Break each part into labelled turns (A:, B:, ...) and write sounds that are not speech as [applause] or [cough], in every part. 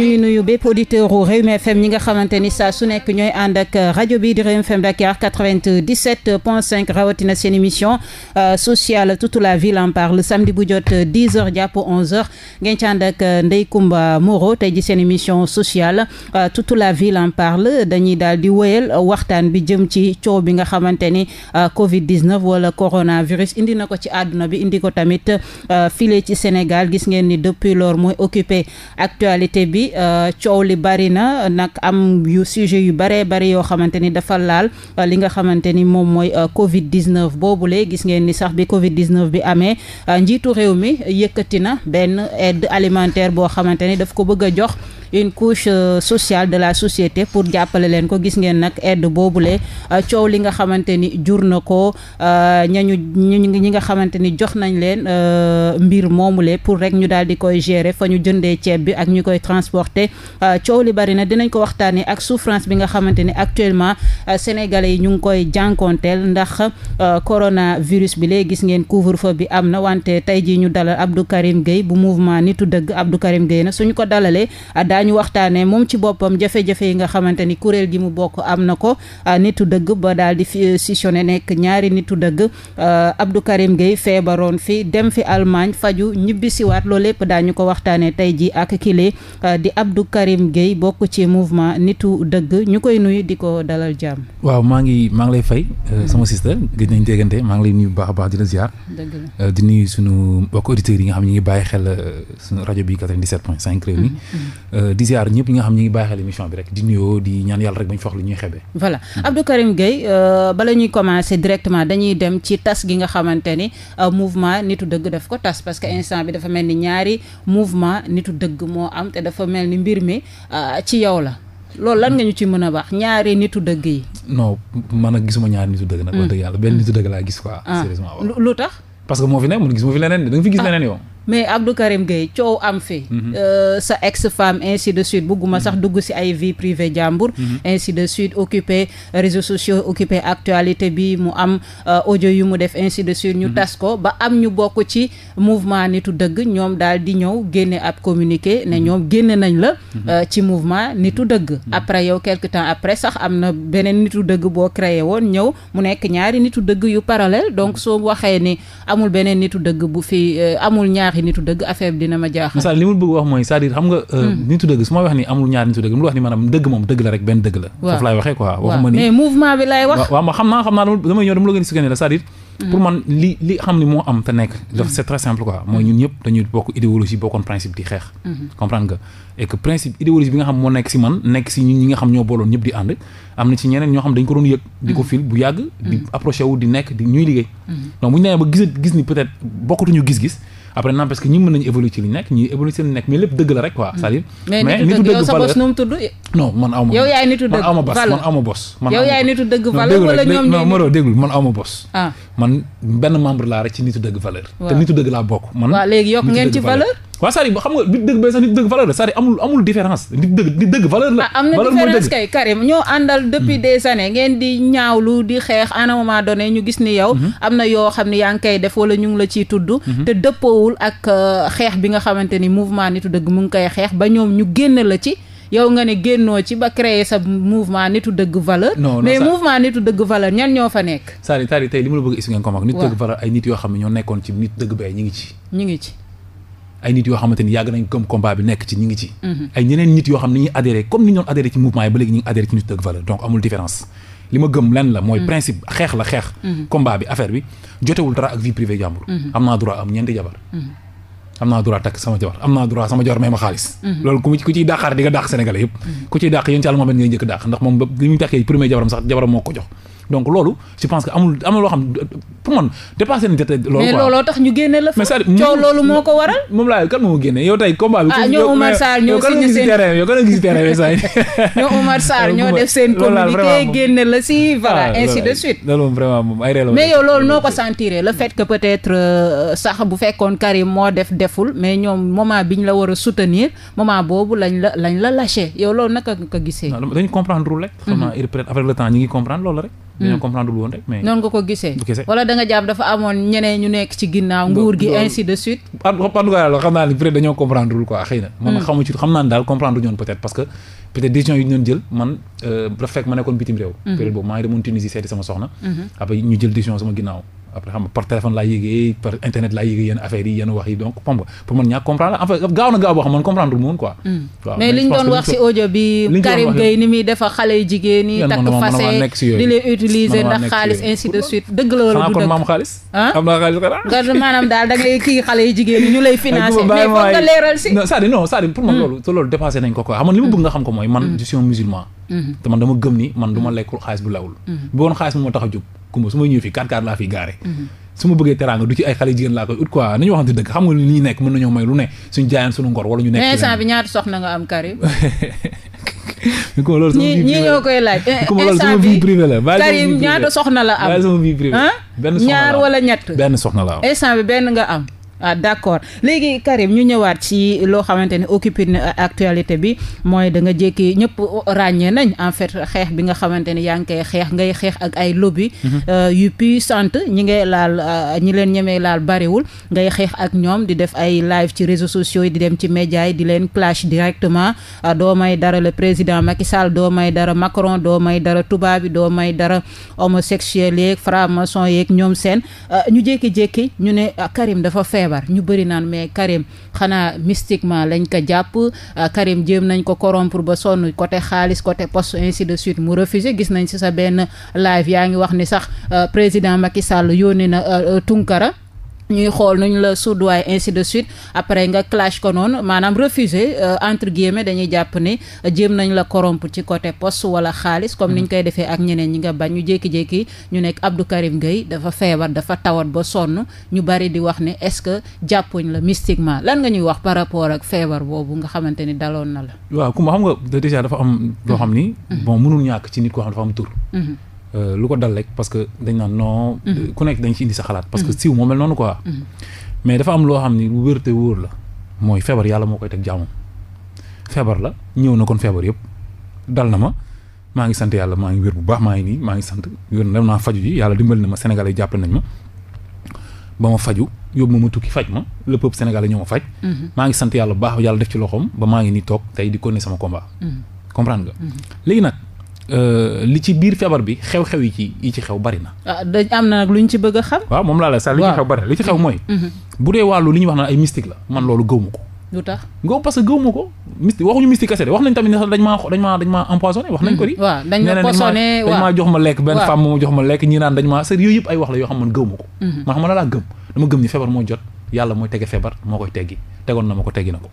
A: ñuy nuyu bépp auditeur u Rewmi FM ñi nga xamante ni saa su nekk ñooy ànd ak rajo bi di Rewmi FM Dakar 97 point 5 rawatina seen émission euh, sociale toute la ville en parle samedi bu jot 10 euh, heures jàpp 11 heures ngeen ci ànd ak euh, Ndeye Comba Moreau tey ji seen émission sociale toute la ville en parle dañuy daal di wëyal waxtaan bi jëm ci coow bi nga xamante ni Covid 19 wala coronavirus indi na ko ci àdduna bi indi ko tamit file ci Sénégal gis ngeen ni depuis lors mooy occupé actualité tey euh, coow li bari na nag am yu sujet yu baree bari yoo xamante ni dafa laal euh, li nga xamante ni moom mooy euh, Covid 19 boobule gis ngeen ni sax bi Covid 19 bi amee njiitu réew mi yëkkati na benn aide alimentaire boo xamante ni daf ko bëgg a jox. une couche euh, sociale de la société pour jàppale leen ko gis ngeen nag aide boobule euh, coow li nga xamante ni jur na ko euh, ñañu ñi nga xamante ni jox nañ leen mbir moomule pour rek ñu daal di koy gérer fa ñu jëndee ceeb bi ak ñu koy transporter coow li bari na dinañ ko waxtaanee ak souffrance bi nga xamante ni actuellement sénégalais yi ñu ngi koy jànkonteel ndax coronavirus bi léegi gis ngeen couvre-feu bi am na wante tey jii ñu dalal Abdou Karim géey bu mouvement nitu dëgg Abdou Karim Gueye na suñu ko dalalee daañu waxtaanee moom ci boppam jafe-jafe yi nga xamante ni kuréel gi mu bokk am na ko ah, nitu dëgg ba daal di fi scissionné euh, nekk ñaari nitu dëgg euh, Abdou Karim Gueye feebaroon fi dem fi Allemagne faju ñibbisiwaat loolu lépp ñu ko waxtaanee tey ji ak kile euh, di Abdou Karim géey bokk ci mouvement nitu dëgg ñu koy nuyu di ko dalal jàmm.
B: waaw maa ngi maa ngi lay fay mm-hmm. sama sister gëj nañu déggante maa ngi lay nuyu bu baax a baax di la dëgg di nuyu sunu mbokk auditeurs yi nga xam ñu ngi bàyyi xel sunu rajo bi 97 point 5 réew mi. Euh, di ziar ñëpp ñi nga xam ñu ngi bàyyi xel émission bi rek di nuyoo di ñaan yàlla rek bañ fox lu ñuy xebe
A: voilà Abdou Karim Gueye euh, bala ñuy commencer directement dañuy dem ci tas gi nga xamante ni euh, mouvement nitu dëgg daf ko tas parce que instant bi dafa mel ni ñaari mouvement nitu dëgg moo am te dafa mel ni mbir mi ci yow la loolu lan nga ñu ci mën a baax ñaari nitu dëgg yi.
B: non man nag gisuma ñaari nitu dëgg nag. wax hmm. dëgg yàlla benn nitu dëgg laa gis ah. lu tax. parce que moo fi ne
A: mais Abdou Karim Gueye coow am fi mhm. euh, sa ex femme ainsi de suite bugguma sax dugg si ay vie privée jàmbur mhm. inci de suite occupé réseaux sociaux occupé actualité bi mu am ojo euh, yu mu def ainsi de suite ñu mhm. tas ko ba am ñu bokk ci mouvement nitu dëgg ñoom daal di ñëw génne ab communiqué ne ñoom génne nañ la euh, ci mouvement nitu dëgg après yow quelque temps après sax am na beneen nitu dëgg boo créé woon ñëw mu nekk ñaari nitu dëgg yu parallèle donc soo waxee ni amul beneen nitu dëgg bu fi amul ñaari waxi nitu dëgg affaire bi dina ma jaaxal
B: moo nekk si man nekk si ñun ñi nga xam ñoo booloon ñëpp di ànd am na ci ñeneen ñoo xam dañ ko doon yëg di ko hmm. fil bu yàgg di hmm. approché di nekk ñuy liggéey hmm. donc bu ñu nee ba gis gis ni peut bokkatuñu gis-gis après n'empêche que ñi mën nañu évoluer ci li nekk ñi évoluer li nekk mais lépp dëgg la rek quoi hmm. cest mais nitu dëgg sa bos nu tudd non man awma bos man yaay
A: nitu dëgg valeur wala ñoom non moro déggul
B: man awma bos ah. man benn membre laa rek ci nitu dëgg valeur te nitu dëgg laa bokk man waaw léegi yokk ngeen ci valeur waaw cest à xam nga nit dëgg ba sax nit dëgg valeur la cest amul différence nit dëgg nit dëgg valeur la. Ah, am na différence kay
A: Karim ñoo àndal depuis hmm. des années ngeen di ñaaw lu di xeex à un moment donné ñu gis ni yow. Hmm. am na yoo xam ne yaa ngi koy wala ñu la ciy tudd. Hmm. te dëppoowul ak euh, xeex bi nga xamante ni mouvement nitu dëgg mu koy xeex ba ñoom ñu génn la ci. yow nga ne génnoo ci ba créer sa mouvement nitu dëgg valeur. non non mais mouvement nitu dëgg valeur ñan ñoo fa nekk.
B: cest à tey li ma la bëgg a expliquer ngeen ko nit dëgg valeur ay nit yoo xam ne ñoo nekkoon ci nit dëgg bay ñi ngi ci. ñi ngi ci ay nit yoo xamante ni yàgg nañ comme combat bi nekk ci ñi ngi ci mhm. ay ñeneen nit yoo xam ne ñu adhéré comme ni ñoon adhéré ci mouvement yi ba léegi ñu ngi adhéré ci nit ak valeur donc amul différence li ma gëm lenn la mooy mhm. principe xeex la xeex mhm. combat bi affaire bi jotewul dara ak vie privée jàmbur am naa droit am ñeenti jabar am naa droit takk sama jabar am naa droit sama jabar may loolu ku ku ciy dàqaar di nga dàq sénégalais ku ci donc loolu je pense que amul amul loo xam pour man dépassé na jotee. loolu tax ñu génne la. mais c' loolu moo ko waral. moom laa kan moo génne yow tey combat ah, ñoo Umar Sarr ñoo signé seen yow kan nga gis terrain yow kan [laughs]
A: nga ñoo Umar Sarr ñoo def seen. [laughs] la si
B: ah, voilà ainsi moom ay réew mais
A: loolu noo ko sentiree le fait que peut être euh, sax bu fekkoon Karim moo def deful mais ñoom moment biñ la war a soutenir moment boobu lañ la
B: lañ la lâché yow loolu naka nga ko gisee. dañu comprendre rek. xam naa ñu ngi comprendre loolu rek. dañoo hmm. noonu
A: nga ko gisee. wala da nga jàpp dafa amoon ñeneen ñu nekk ci ginnaaw. nguur gi ainsi de suite.
B: Hmm. parce que peut être yi ñu doon jël man euh, dafa fekk ma nekkoon bitim réew. Hmm. maa ngi demoon Tunisie sama soxna. après ñu jël décision sama ginnaaw après xam nga par téléphone laa yëgee par internet laa yëgee yenn affaire yi yenn donc xam nga pour man ñaa comprendre en fait gaaw na gaaw boo xam hmm.
A: Karim Gueye ni muy xale yu jigéen ñi. fase di leen du dëgg. maam
B: xaalis. Ah? am naa xaalis xanaa. nga pour man hmm. loolu. te nañ ko quoi xam nga li ma hmm. nga xam ko mooy man je musulman Mm-hmm. te man dama gëm ni man du ma lekkul xaalis bu lawul mm-hmm. bu woon xaalis moo tax a jóg kumba su ma ñëw fii quatre quatre laa fiy gaare mm-hmm. su ma bëggee teraanga du ci ay xale jigéen laa koy ut quoi nañu waxante dëgg xam nga li ñuy nekk mën nañoo may lu ne suñ jaayaan suñu ngor wala ñu nekk
A: bi ñaata soxna nga am Karim
B: [laughs]
A: ñi
B: privé la [laughs] Karim ñaata soxna la am benn ñaar soxna la am instant
A: bi benn nga am ah d' accord léegi Karim ñu ñëwaat ci loo xamante ne occupé na actualité bi mooy da nga jékki ñëpp ràññee nañ en fait xeex bi nga xamante ne yaa ngi koy xeex ngay xeex ak ay lobby mhm. euh, yu sant ñi ngay laal euh, ñi leen ñemee laal bariwul ngay xeex ak ñoom di def ay live ci réseaux sociaux yi di dem ci média yi di leen clash directement ah, doo may dara le président Macky Sall doo may dara Macron doo may dara tubaab yi doo may dara homosexuel yeeg franc-maçon yeeg ñoom seen ah, ñu jékki ñu ah, feebar ñu bëri naan mais Karim xanaa mystiquement lañ ko jàpp euh, Karim jéem nañ ko corrompre ba sonn côté xaalis côté post ainsi de suite mu refusé gis nañ ci sa benn live yaa ngi wax ni sax euh, président Macky Sall yónnee na euh, Tunkara ñuy xool nu ñu la soudoyer ainsi de suite après nga clash ko noonu maanaam refuser euh, entre guillemets dañuy jàpp ne euh, jéem nañ la corrompre ci côté post wala xaalis comme ni ñu mm. koy defee ak ñeneen ñi nga bañ ñu jékki-jékki ñu nekk Abdou Karim Gueye dafa feebar dafa tawat ba sonn ñu bari di wax ne est-ce que jàppuñ la mystiquement lan nga ñuy wax par rapport ak feebar boobu nga xamante ni daloon na la.
B: waaw ku ma xam nga déjà dafa am loo mm. xam ni. Mm. bon mënul ñàkk ci nit koo Euh, lu ko dal rek parce que dañ naan noo mhm. ku nekk dañ ci indi sa xalaat. parce que mhm. siw moo mel noonu quoi. Mhm. mais dafa am loo xam ni lu wér te wóor la mooy feebar yàlla moo koy teg jaamam. feebar la ñëw na kon feebar yëpp dal na ma maa ngi sant yàlla maa ngi wér bu baax maa ngi nii maa ngi sant wér na dem naa yàlla dimbali na ma sénégalais jàppale nañ ma ba ma faju yóbbu ma ma tukki faj ma le peuple sénégalais ñoo ma faj. maa ngi sant yàlla bu baax yàlla def ci loxoom ba maa ngi nii toog tey di continuer sama combat. comprendre nga léegi nag. Euh, li ci biir feebar bi xew-xew yi ci yi ci xew bari na.
A: ah dañ am na nag lu ñu ci bëgg a xam.
B: waaw moom laa la sax li ci xew bari li ci xew mooy. Mhm. bu dee wàllu li ñuy wax naan ay mystique la man loolu gëw ma ko. lu tax nga parce que gëw ma ko mystique waxuñu mystique kese de wax dañ maa wax nañ ko di mhm. waaw dañ ma poisonné waaw dañ maa jox ma lekk benn femme moo jox ma lekk ñi naan dañ maa sër yooyu yëpp ay wax la yoo xam man gëw mhm. ma ko man xam la laa gëm dama gëm ni feebar moo jot yàlla mooy tege feebar moo koy teggi tegoon na ma ko teggi na ko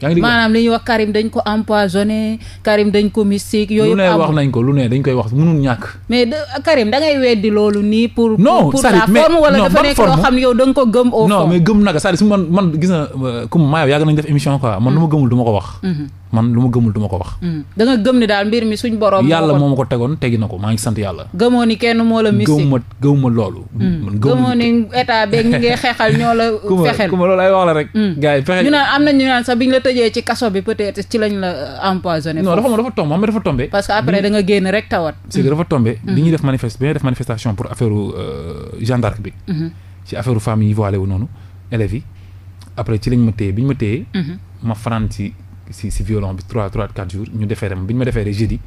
B: maanaam
A: li ñuy wax Karim dañ ko empoisonné Karim dañ ko mystique. yooyu wax
B: nañ ko lu nee dañ koy wax nu ñàkk.
A: mais de Karim da ngay weddi loolu nii. pour pour la forme wala dafa nekk loo xam
B: ne yow da ko gëm. au fond non mais gëm naka cest à man man gis na euh, comme maa yàgg nañ def émission quoi man lu ma gëmul du ma ko wax. Mm-hmm. man lu ma gëmul du ko wax. Mm. da nga gëm ni daal mbir mi suñ borom. yàlla moo ma ko tegoon tegi na ko maa ngi sant yàlla. gëmoo ni kenn moo la. mystique gëmuma gëmuma loolu. Mm. gëmoo
A: ni état beeg [laughs] la. fexel ku ma
B: loolu ay la rek. Mm. gars yi fexe ñu
A: na ñu naan sax bi ñu la tëjee ci kaso bi peut euh, dafa dafa
B: dafa tombé. parce que après da nga
A: génn rek tawat. c'est que
B: dafa tombé. bi ñuy def manifeste bi ñuy def manifestation pour affaire euh, Jeanne d'Arc bi. Mm-hmm. ci affaire famille yi voilé wu noonu élèves yi après ci lañ ma téye bi ñu ma téye mm-hmm. ma fanaan ci si si violon bi 3 3 4 jours ñu defeere ma bi ñu ma defeere jeudi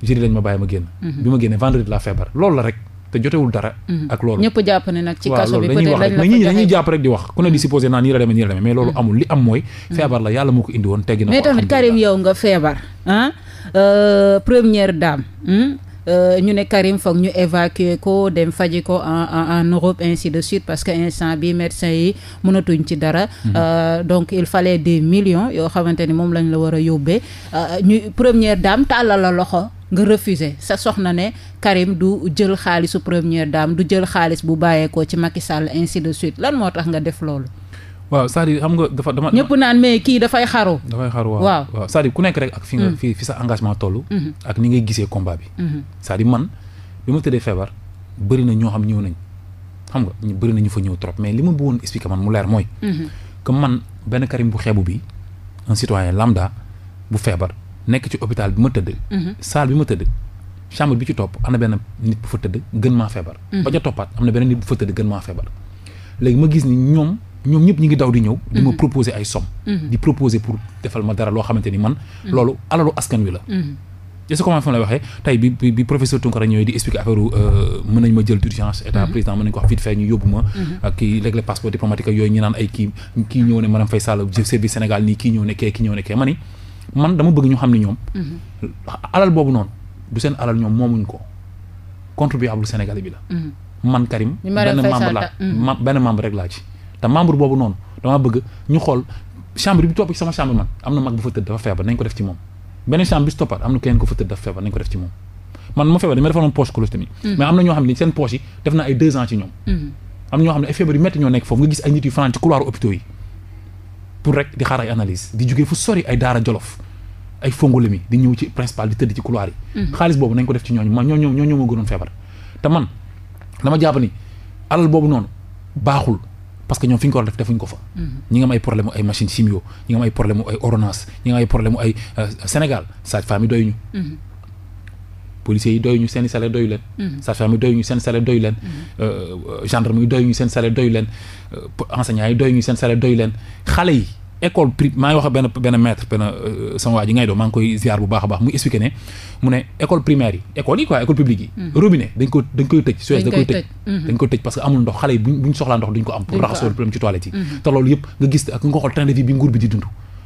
B: jeudi lañ ma bàyyi ma génn. Mhm. bi ma génnee vendredi la feebar loolu la rek te jotewul dara. ak mhm. loolu ñëpp
A: jàpp ne nag ci kaso bi peut-être
B: wax ku ne mhm. la demee nii la demee mais loolu amul li am mooy. feebar la yàlla moo ko indi woon teggi na ko. mais tamit
A: Karim yow nga feebar ah, euh, première dame. Hmm? Euh, ñu ne Karim foog ñu évacuer ko dem faji ko en en Europe ainsi de suite parce que instant bi médecin yi mënatuñ ci dara. Mhm. Euh, donc il fallait des millions yoo xamante ni moom lañ la war a yóbbee euh, ñu première dame tàllal la loxo. nga refusé sa soxna ne Karim du jël xaalisu première daam du jël xaalis bu bàyyeekoo ci Macky Sall ainsi de suite lan moo tax nga def loolu.
B: waaw c'est-à-dire xam nga dafa dama. ñëpp naan mais kii dafay xaru. waaw waaw cest à ku nekk rek ak fi nga. Mm-hmm. fi fi sa engagement toll. Mm-hmm. ak ni ngay gisee combat bi. Mm-hmm. cest à man bi ma tëddee feebar bëri na ñoo xam ñëw nañ xam nga ñu bëri na ñu fa ñëw trop mais li ma bëggoon expliquer man mu leer mooy. que man benn Karim bu xeebu bi un citoyen lambda bu feebar nekk ci hôpital bi ma tëdd. salle bi ma tëdd. chambre bi ci topp am na benn nit bu fa tëdd gën maa feebar. ba ca toppaat am na benn ma gis ni ñoom ñoom ñëpp ñi ngi daw di ñëw. di ma mhm. proposer ay somme. Mhm. di proposer pour defal ma dara loo xamante ni man. Mhm. loolu alalu askan wi la. je sais comment fi ma waxee tey bi bi professeur Tunkara ñëwee di expliquer affaire euh, mën nañ ma jël d'urgence état président mën nañ ko wax vite fait ñu yóbbu ma. ak kii régler passeport diplomatique yooyu ñu naan ay kii kii ñëw ne madame Faye Sall service Sénégal nii kii ñëw ne kee kii ñëw ne kee man dama bëgg ñu xam ni ñoom. alal te membre boobu noonu dama bëgg ñu xool chambre bi topp ci sama chambre man am na mag bu fa tëdd dafa feebar nañ ko def ci moom beneen chambre bi si am na ko def ci moom man ma ñoom mm. am na ñoo feebar te man dama jàpp alal boobu noonu baaxul parce que ñoom fi ñu ko def defuñ ko fa. Mhm. ñi nga am ay problème ay machine chimio ñi nga am ay problème ay ordonnance ñi nga am ay problème ay euh, Sénégal sage-femme yi ñu mhm. policiers yi doyuñu seen i salaire doyu leen. Mhm. sage-femme yi ñu seen salaire doy leen. gendarme yi ñu seen salaire doyu leen enseignants yi ñu seen salaire doyu leen xale yi. école privée maa wax benn benn maître benn euh, sama waa ji ngay doo maa koy ziar bu baax baax mu expliqué ne mu ne école primaire yi école yi quoi école publique yi mm-hmm. robinet dañ ko dañ koy tëj Suez dañ koy tëj dañ koy tëj parce que amul ndox xale yi buñ soxlaa ndox duñ ko am pour raxasoo problème ci toilette yi mm-hmm. te loolu yëpp nga gis ak nga xool train de vie bi nguur bi di dund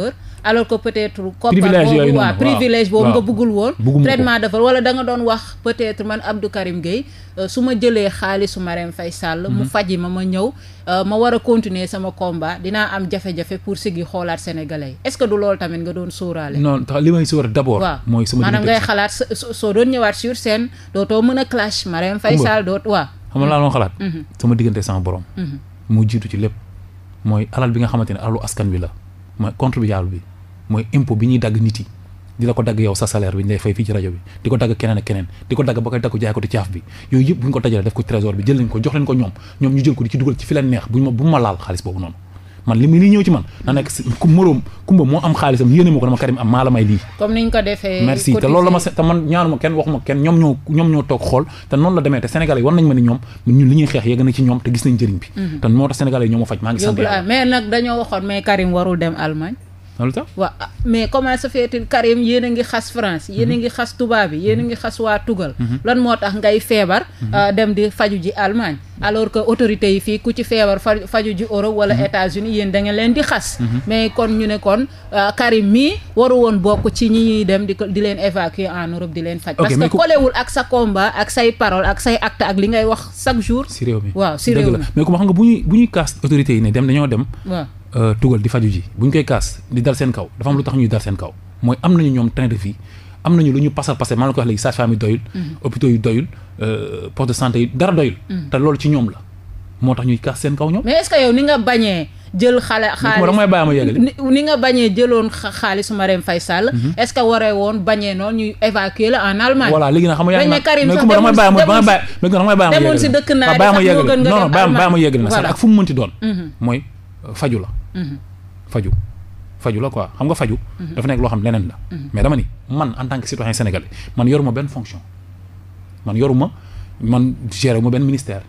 A: faveur alors que peut-être koppar boobu waa privilège boobu nga bëggul woon traitement de faveur wala da nga doon wax peut-être man Abdou Karim Gueye euh, su ma jëlee xaalisu Marème Faye Sall mu mhm. faji ma ma ñëw euh, ma war a continuer sama combat dinaa am jafe-jafe pour sigi xoolaat sénégalais yi est-ce que du loolu tamit nga doon
B: mooy sama maanaam ngay xalaat
A: doon ñëwaat sur scène dootoo mën a clash Marème Faye Sall doot waaw
B: xam nga laa doon xalaat mhm. sama diggante sama borom mhm. mu jiitu ci lépp mooy alal bi nga xamante ne alalu askan wi la mooy contribuable bi mooy impôt bi ñuy dagg nit yi di la ko dagg yow sa salaire bi ñu fay fii ci rajo bi di ko dagg keneen ak keneen di ko dagg ba koy dagg jaay ko di caaf bi yooyu yëpp bu ñu ko dajalee def ko trésor bi jël nañ ko jox leen ko ñoom ñoom ñu jël ko di ci dugal ci fi leen neex bu ma bu ma laal xaalis boobu noonu man li muy ñëw ci man na si kumba moo am xaalisam yéene ma ko dama Karim am maa la may lii.
A: comme niñ ko defee. merci te
B: man ñaanuma kenn waxuma kenn ñoom ñoom ñoo toog xool te noonu la demee te sénégalais yi war nañ ma ni ñoom ñun li ñuy xeex yegg na ci ñoom te gis nañ njëriñ bi. Mhm. te moo tax sénégalais yi ñoo faj maa ngi sant yàlla.
A: mais nag dañoo waxoon mais Karim warul dem Allemagne lu tax mais comment se fait-il Karim yéen a ngi xas France yéen a mhm. ngi xas tubaab bi yéen ngi xas waa tugal mhm. lan moo tax ngay feebar mhm. euh, dem di faju ji Allemagne alors que autorités yi fii ku ci feebar faju ji Europe wala États-Unis yéen da ngeen leen di xas mais kon ñu ne kon euh, Karim mii waru woon bokk ci ñi ñuy dem di di leen évacuer en Europe di leen faj parce que kolewul ak sa combat ak say parole ak say acte ak li ngay wax chaque jour si réew
B: mi waaw si réew mi nga bu ñuy bu ñuy kaas autorités yi ne dem dañoo dem Euh, tugal di faju ji bu ñu koy kaas di dal seen kaw dafa am lu tax ñuy dal seen kaw mooy am nañu ñoom train de vie am nañu lu ñu pasal pasal maa la ko wax léegi sage-femme mm-hmm. euh, mm-hmm. la moo tax ñuy kaas seen kaw ñoom
A: mais ni nga bañee jël xale xaalis damay bàyyi ma yegale ni nga bañee jëloon xaalisu Marème Faye Sall mm-hmm. est-ce que waree woon bañee noonu
B: ak fu mu doon mooy euh, faju la Mhm. faju faju la quoi xam nga faju mhm. dafa nekk loo xam leneen la mhm. mais dama ni man en tant que citoyen sénégalais man yoruma benn fonction man yoruma man géré ma benn ministère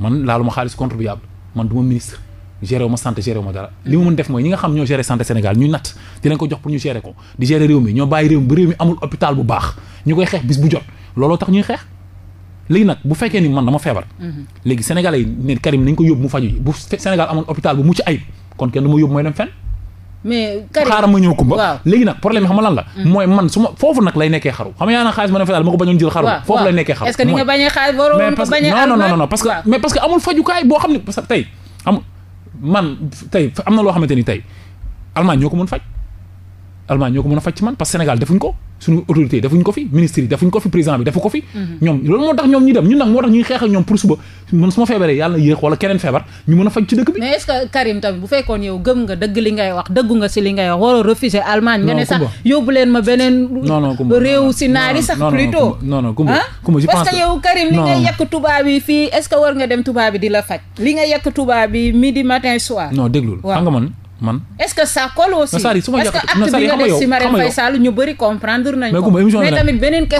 B: man laaluma xaalis contribuable man du ma ministre géré wu ma santé géré wu ma dara li ma mën def mooy ñi nga xam ñoo géré santé Sénégal ñu natt di leen ko jox pour ñu géré ko di géré réew mi ñoo bàyyi réew mi ba réew mi amul hôpital bu baax ñu koy xeex bis bu jot looloo tax ñuy xeex léegi nag bu fekkee ni man dama feebar léeg sénégalais yi nañ ko yóbbu mu faju ji bu Sénégal amoon hôpital bu mucc ayib kon kenn du ma yóbbu mooy dem fenn. mais Karim xaaral ma ñëw kumba. waaw léegi nag problème bi lan la. Hmm. mooy man su ma foofu nag lay nekkee xaru. xam nga yaa na xaalis ma ne fa daal ma ko bañoon jël xaru. foofu lay tey am man na loo xamante ni tey Allemagne ñoo ko mun faj Allemagne ñoo ko mun a faj ci man parce que Sénégal defuñ ko suñu autorité defuñ ko fi ministre yi defuñ ko fi président bi defu ko fi mm-hmm. ñoom loolu moo tax ñoom ñi dem ñun nag moo tax ñuy xeex ñoom pour suba man su ma feebaree yàlla yéex wala keneen feebar ñu mën a faj ci dëkk bi mais est-ce que
A: Karim tamit bu fekkoon yow gëm nga dëgg li ngay wax dëggu nga si li ngay wax waroo refuser Allemagne nga ne sax yóbbu leen ma beneen réew si naari sax plutôt non non Coumba Coumba ah? parce que yow Karim li ngay yekk tubaab bi fii est-ce que war nga dem tubaab bi di la faj li nga yekk tubaab bi midi matin soir non
B: déglul xam nga man man.
A: est-ce que ça colle aussi. non su ma est-ce que acte bi nga def si Marème Faye Sall ñu bëri comprendre nañ ko. mais émission bi mais tamit bi. de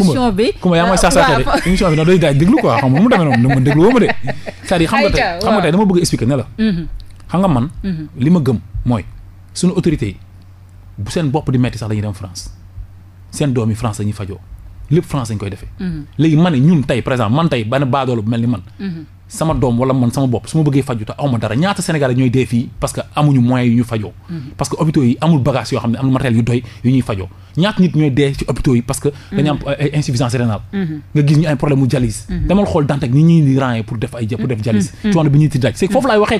B: émission nag doy daal déglu quoi xam nga ma de. [laughs] c'est-à-dire
A: mhm.
B: man. Mhm. li ma gëm mooy suñu autorité seen bopp di metti sax dañuy dem France seen doom France dañuy fajoo lépp France dañ koy defee. Mhm. léegi man ñun tey par exemple man tey benn baadoolo bu mel ni man. sama doom wala man sama bopp su ma bëggee faju te dara ñaata Sénégalais ñooy dee fii parce que amuñu moyens yu ñu fajoo. Mhm. parce que hôpitaux yi amul yoo xam ne amul mhm.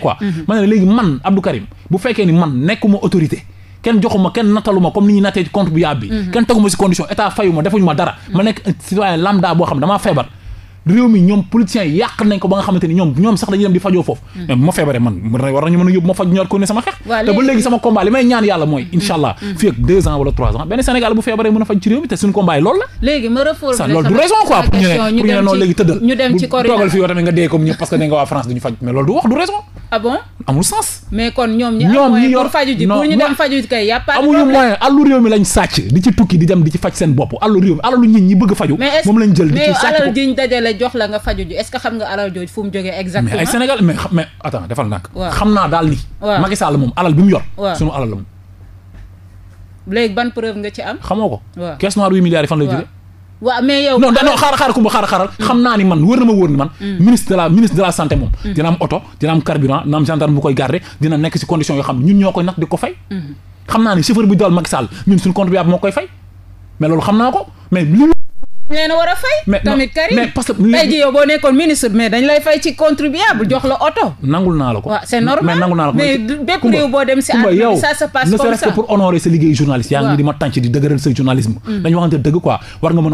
B: mhm. man Abdou bu fekkee ni man nekkuma autorité. kenn joxuma kenn nattaluma comme ni ñuy nattee ci compte bu yàbb kenn teguma si condition état fayuma defuñu ma dara. ma nekk citoyen lambda boo xam damaa feebar réew mi ñoom politiciens yàq nañ ko ba nga xamante ñoom sax dañuy dem di fajoo foofu hmm. mais ma feebaree man war nañu mën yóbbu ma hmm. hmm. faj ci réew mi te suñu combat yi la léegi ma du raison quoi pour ñu ne pour ñu ne noonu léegi ci corridor toogal fii yow tamit nga dee comme ñëpp parce que da nga waa France duñu faj mais loolu du wax du raison ah bon amul
A: ñi ñoom
B: faju ji lañ sàcc di ci tukki di dem di réew mi alalu nit ñi bëgg faju moom lañ jël di ci
A: sàcc jox la nga faju ju est xam nga alal jooju fu mu jógee exactement mais ay
B: Sénégal mais mais attends defal nak xam naa daal ni Macky moom alal mu ko waaw caisse noire huit milliards xaar xaar kumba xaar xaaral hmm. xam naa ni man wër na ma wër ni man hmm. ministre de la ministre de la santé moom hmm. dina am oto dina am carburant dina am gendarme bu koy garder dina nekk si condition yoo xam ne ñun ñoo koy nag di ko fay xam naa ni chauffeur bi dawal Macky Sall ñun suñu contribuable moo koy fay mais loolu xam naa ko mais li leen war a fay. mais tamit Karim
A: jox la oto.
B: nangul naa la ko. mais nangul naa
A: boo dem si àdduna bi ça se passe comme
B: ça. ngi di ma tànc di mm. dëgg quoi war mm.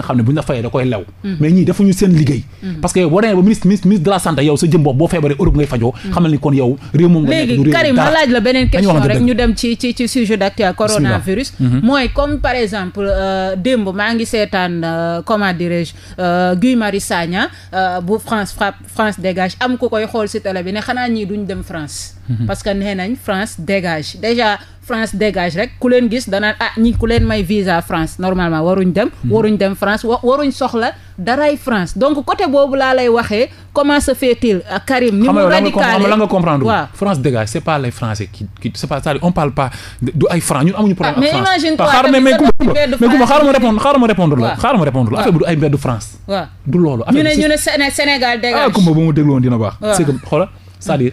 B: mais mm. boo feebaree Europe ngay fajoo. xamal ni kon yow réew moom nga nekk du réew la beneen question rek ñu dem
A: ci sujet d'actualité coronavirus. Mm-hmm. mooy comme par exemple euh, démb maa ngi seetaan euh, comment dirais-je euh, Guy Marius Sagna euh, bu France Frapp France dégage am ko koy xool si télé bi ne xanaa ñii duñ dem France Mhm. parce que nee nañ France dégage déjà France dégage rek ku leen gis danaan ah ñi ku leen may visa France normalement waruñ dem. Mhm. waruñ dem France wa waruñ soxla daraay France donc côté boobu laa lay waxee commence se fait-il ah, Karim. ni mu radicale la nga comprendre waaw
B: France dégage c'est pas les Français qui c'est pas c'est-à-dire on parle pas du ay France ñun amuñu problème. Ah, mais imagine quoi tamit mais mais xaaral ma répondre xaaral ma répondre la. xaaral ma répondre la affaire bi du ay France. Ah, waaw c'est que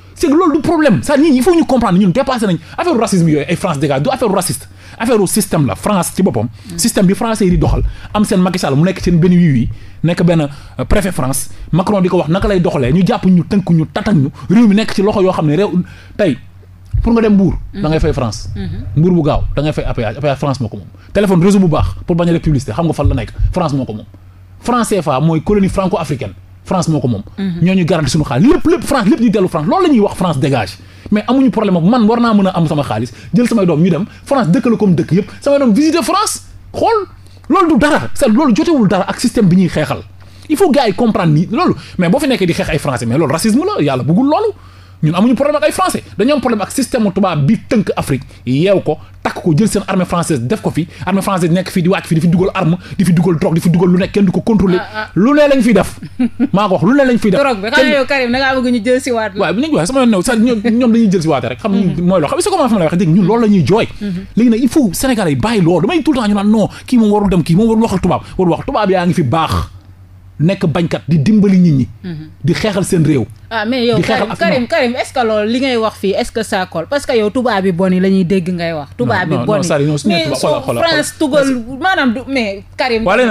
B: c'est que loolu du problème ça nit ñi il faut ñu comprendre ñun dépassé nañ affaire racisme yooyu ay France dégage du affaire raciste affaire yi doxal am seen Macky mu nekk seen benn wii wii nekk benn euh, préfet France Macron ko wax naka lay doxalee ñu jàpp ñu tënk ñu tatak ñu réew mi nekk ci loxo yoo xam ne réew tey pour nga dem Mbour. da ngay fay France. Mm-hmm. Mm-hmm. da ngay fay APA APA France moo ko moom. téléphone réseau bu baax pour bañ a def publicité xam nga fan la nekk France moo ko moom. France CFA mooy colonie franco-africaine. France moo ko moom. Mhm. ñoo ñu garanti suñu xaalis lépp lépp France lépp ñu dellu France loolu la ñuy wax France dégage. mais amuñu problème man war naa mën a am sama xaalis jël samay doom ñu dem France dëkk la comme dëkk yëpp samay doom visiter France xool loolu du dara c'est loolu jotewul dara ak système bi ñuy xeexal il faut gars yi comprendre loolu mais boo fi nekkee di xeex ay français mais loolu racisme la yàlla bëggul loolu. ñun amuñu problème ak ay français dañu am problème ak système tubaab bi tënk Afrique yeew ko takk ko jël seen armée française def ko fi armée française nekk fii di wàcc fii di fi dugal arme di fi dugal drogue di fi dugal lu nekk kenn du ko contrôler ah, ah. lu ne lañ [laughs] maa ko lu ne lañ fiy def drogue da ñu jël si waat waaw bi ñu waaye sama mhm. loo xam nga comment fi ma lay wax dégg ñun mhm. yi bàyyi loolu damay tout le temps kii moom warul dem kii moom warul wax ak tubaab warul wax tubaab yaa ngi fi baax nekk bañkat di dimbali nit ñi. Mhm. di xeexal seen réew.
A: ah mais yow Karim Karim Karim est-ce que loolu li ngay wax fii est-ce que ça colle parce que yow tubaab bi bon dégg ngay wax. tubaab bi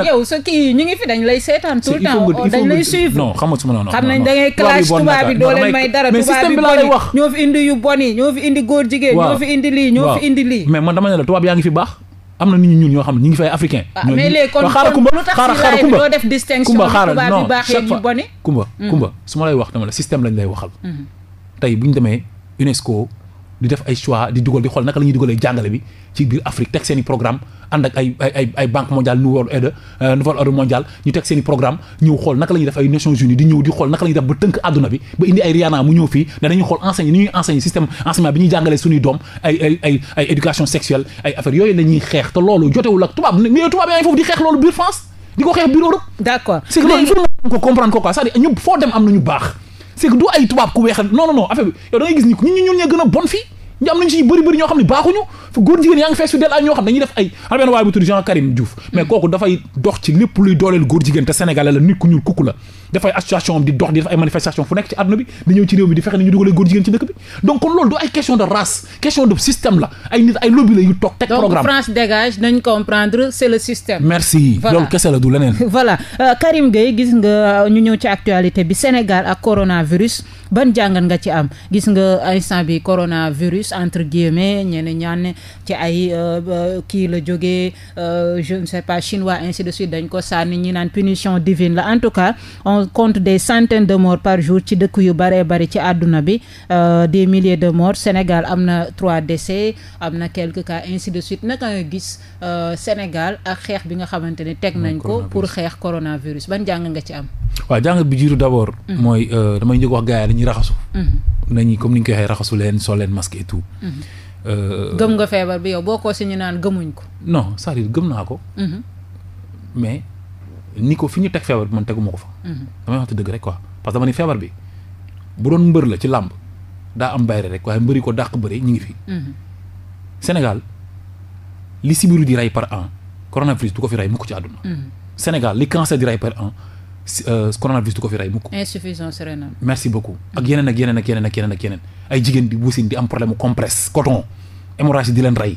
A: yow sa kii ñu ngi fi dañ lay seetaan tout le temps dañ lay suivre.
B: non xam nañ da ngay clash tubaab bi doo leen may dara. tubaab bi ñoo fi indi yu bon ñoo fi indi góor jigéen. ñoo fi indi lii ñoo fi indi lii. mais man dama la tubaab yaa ngi fi baax am na nit ñu ñun ñoo xam ne ñu ngi fay africain. Ah, ñooñu mais tax si laay kumba kumba hmm. kumba su ma lay wax dama la système lañ lay waxal. Hmm. tey bu ñu demee UNESCO di def ay choix di dugal di xool naka la dugalee jàngale bi ci biir Afrique teg seen i programme ànd ak ay banque mondiale nouvel ordre euh, nouvel ordre mondial ñu teg seen i programme ñëw xool naka la ñuy def ay Nations Unies di ñëw di xool naka la def ba tënk àdduna bi ba indi ay Rihanna mu ñëw fii ne dañuy xool enseigner ni ñuy enseigner système enseignement bi ñuy jàngalee suñuy doom ay ay sexuelle ay yooyu la ñuy xeex te loolu jotewul ak tubaab mais tubaab yaa c'est que ay tubaab ku weexal non non non affaire bi yow da gis ni ñun ñu ñun ñee gën a bon fii ñu am nañu si bëri bëri ñoo xam ne baaxuñu fa góor jigéen yaa ngi fees fi del ay ñoo xam dañuy def ay am benn waaye bu tudd Jean Karim Diouf mais kooku dafay dox ci lépp luy dooleel góor jigéen te sénégalais la nit ku ñuul kukku la def ay association di dox di def manifestation fu nekk ci àdduna bi di ñëw ci réew mi di fexe ne ñu dugalee góor jigéen ci dëkk bi donc kon loolu du ay question de race question de système la ay nit la yu toog teg programme
A: donc comprendre c'est le système.
B: merci loolu kese la du leneen.
A: [laughs] voilà euh, Karim Gueye gis nga euh, ñu ñëw ci actualité bi Sénégal ak coronavirus ban jàngat nga ci am gis nga instant bi coronavirus entre guillemets ñeneen ñaan ci ay euh, kii la jógee je ne sais pas chinois ainsi ko sànni ñi naan punition divine la en tout cas on compte des centaines de morts par jour ci dëkk yu bëree bëri ci àdduna bi euh, des milliers de morts Sénégal am na trois décès am na quelques cas ainsi de suite naka nga gis euh, Sénégal ak xeex bi nga xamante ne teg nañ ko pour xeex coronavirus ban jàng nga ci am
B: waaw jàng bi jiitu d'abord mm-hmm. mooy euh, damay njëkk wax gars yi dañuy raxasu mm-hmm. nañu comme ni ñu koy waxee raxasu leen sol leen masque et tout mm-hmm. gëm
A: nga feebar bi yow boo ko si ñu naan gëmuñ ko
B: non cest gëm naa ko ni ko fi ñu teg feebar bi man teguma ko fa. Mhm. damay waxante dëgg rek quoi parce que dama ni feebar bi bu doon mbër la ci làmb daa am bayre rek waaye mbëri ko dàq bëri ñu ngi fi. Mhm. Sénégal li sibiru di rey par an coronavirus du ko fi rey mukk ci àdduna. Mhm. Sénégal li cancer di rey par an euh, coronavirus du ko fi rey mukk.
A: insuffisance rénale.
B: ak yeneen ak yeneen ak yeneen ak yeneen ak yeneen ay jigéen di wasin di am problème mu coton hémorragie di leen rey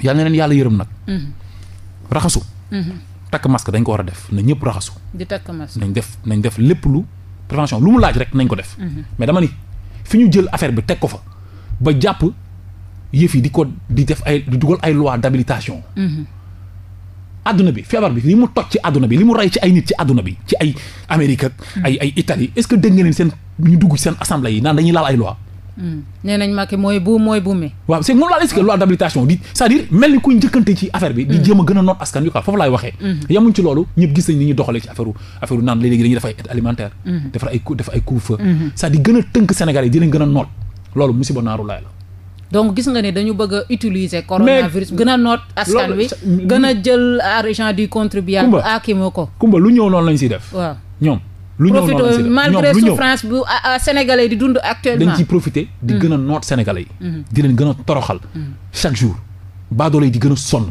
B: yal na yàlla yërëm nag. Mhm. raxasu. Mhm. takk masque dañ ko war a def na ñëpp raxasu.
A: di takk masque nañ
B: def nañ def lépp lu prévention lu mu laaj rek nañ ko def. Mhm. mais dama ni fi ñu jël affaire bi teg ko fa ba jàpp yëf yi di ko di def ay di dugal ay loi d'habilitation. àdduna bi feebar bi li mu toj ci àdduna bi li mu rey ci ay nit ci àdduna bi ci ay Amérique ak ay ay Italie est-ce que dégg ngeen seen ñu dugg seen assemblée yi naan dañuy laal ay loi
A: Hmm. nee nañ Macky mooy bu mooy bu mi
B: waaw c'est moom laa expliqué loi d'habilitation di cest à mel ni kuy njëkkante ci affaire bi di hmm. jéem gën a noot askan wi quoi foofu laay waxee hmm. yamuñ ci loolu ñëpp gis ni ñuy doxalee ci affaire affaire u naan léegi dañuy def ay aide alimentaire defar ay def ay couvre-feu à gën a tënk Sénégal yi di leen gën a noot loolu musiba naaru laay la
A: donc gis nga ne dañu bëgg a utiliser coronavirus gën a noot askan wi gën a jël argent du contribuable aakimoo ko
B: kumba lu ñëw noonu lañ siy def waaw lu ñëw noonu lañ si malgré souffrance
A: bu euh, euh, sénégalais di dund actuellement dañ ciy
B: profité di gën a mm-hmm. noot sénégalais yi mm-hmm. di leen gën a toroxal mm-hmm. chaque jour baadoole yi di gën a sonn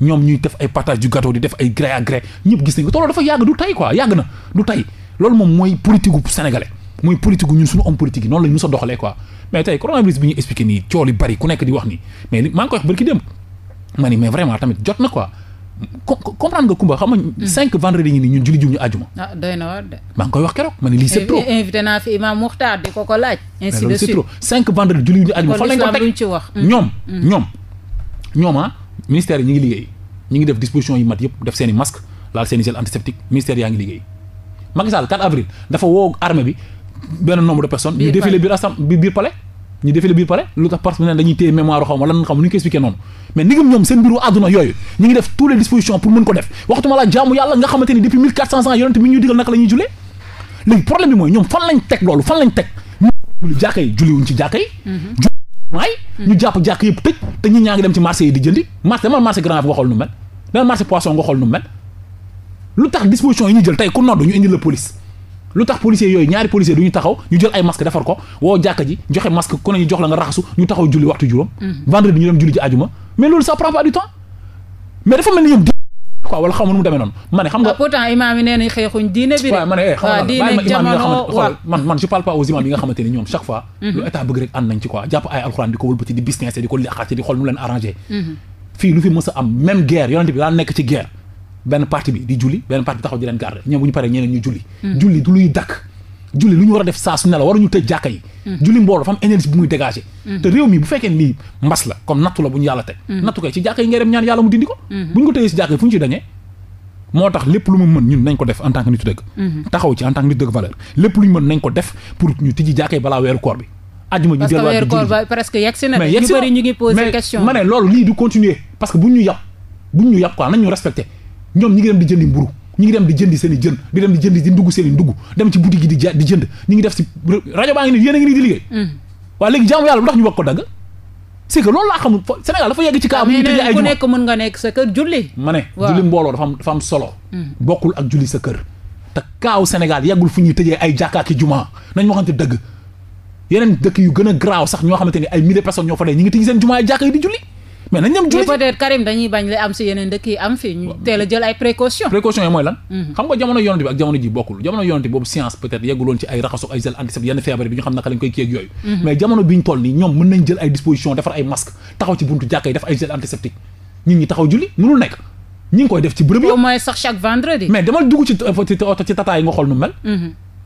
B: ñoom ñuy def ay partage du gâteau di def ay gré à ñëpp gis nañ ko yàgg du tey quoi yàgg na du tey loolu moom mooy politique gu sénégalais mooy politique gu ñun suñu homme doxalee quoi mais tey coronavirus bi ñuy expliqué nii cool bari ku nekk di wax nii mais maa ngi koy wax bari ki démb ma ni mais vraiment tamit jot na ko comprendre nga Kumba xam nga. Hmm. cinq vendredi ni ñu àjjuma.
A: ah doy na war
B: de. maa ngi koy wax keroog ma ne lii c'est eh, trop.
A: Eh, ko ko laaj. ainsi de suite trop
B: cinq vendredi julli ñu àjjuma fan lañ ko teg
A: hmm. ñoom hmm.
B: ñoom ñoom ah ministère yi ñu ngi liggéey ñu ngi def disposition yi mat yëpp def seen i masque laal seen i gel antiseptique ministère yaa ngi liggéey. Macky Sall avril dafa woo armée bi benn nombre de personnes. ñu défilé biir assemblée biir palais ñu defee le biir pare lu tax parce que dañuy téye mémoire xaw ma lan xam nu ñu ko expliqué noonu mais ni ñoom seen mbiru àdduna yooyu ñu ngi def toutes les dispositions pour mën ko def waxtuma la jaamu yàlla nga xamante ni depuis mille quatre cent ans yonent bi ñuy naka la ñuy léegi problème bi mooy ñoom fan lañ teg loolu fan lañ teg ñu jàkka yi julli wuñ ci jàkka yi mhm. waay ñu jàpp jàkk yëpp tëj te ñi ñaa ngi dem ci marché yi yi ñu jël tey ku nodd lu tax policiers yooyu ñaari policiers du ñu taxaw ñu jël ay masque defar ko woo jàkka ji joxe masque ku ne ñu jox nga raxasu ñu taxaw julli waxtu juróom mm-hmm. vendredi ñu dem julli ji ah, imaam
A: eh, yi nga jamono
B: ñoom chaque fois mm-hmm. lu état bëgg rek ànd nañ ci quoi jàpp ay alxuraan di ko wëlbati di business di ko lixaati di xool nu leen arrangé mm-hmm. fii lu fi mës am même guerre yonente nekk ci guerre benn parti bi di julli benn parti bi taxaw di leen garder ñoom bu ñu paree ñu julli julli du luy dakk julli lu ñu war a def saa su ne la waruñu tëj mm. mm. ñu yàlla mm. jàkka yi ngay dem ñaan yàlla mu dindi ko mm-hmm. bu ñu ko tëjee mm-hmm. jàkka yi balaa weeru koor bi àjjuma ñu delluwaat
A: di julli parce que
B: loolu lii du continuer parce que buñ ñu yàpp buñ ñu yàpp quoi nañ ñu respecté ñoom ñi ngi dem di jëndi mburu ñi ngi dem di jëndi seen i jën di dem di jëndi di ndugg seen i ndugg dem ci boutique yi di jënd ñi ngi def si rajo baa ngi nii yéen a ngi nii di liggéey mm. waaw léegi jaamu yàlla lu tax ñu wax ko dagg c'est que loolu laa xamul Sénégal dafa yegg ci kaa ñu tëjee nekk mën nga nekk sa kër julli ma ne julli mbooloo dafa am dafa mm. sa kër te kaaw Sénégal yeggul fu ñuy tëjee ay jàkkaaki jumaa nañ ma xamante dëgg yeneen dëkk yu gën a graaw sax ñoo xamante ni ay mille personnes ñoo fa dee ñi ngi tëj jumaa ay jàkka di julli mais nañ dem julli mais
A: Karim dañuy bañ lay am si yeneen dëkk am fii ñu jël
B: ay précaution précaution yi mooy lan mhm. xam nga jamono yonante bi ak jamono ji bokkul jamono yonante boobu science peut-être yegguloon ci ay raxasoog ay gel antiseptique yenn feebar bi ñu xam naka lañ koy kii ak yooyu mhm. mais jamono biñ toll nii ñoom mën nañ jël ay disposition defar ay masque taxaw ci buntu jàkka yi def ay gel antiseptique nit ñi taxaw julli mënul nekk ñi ngi koy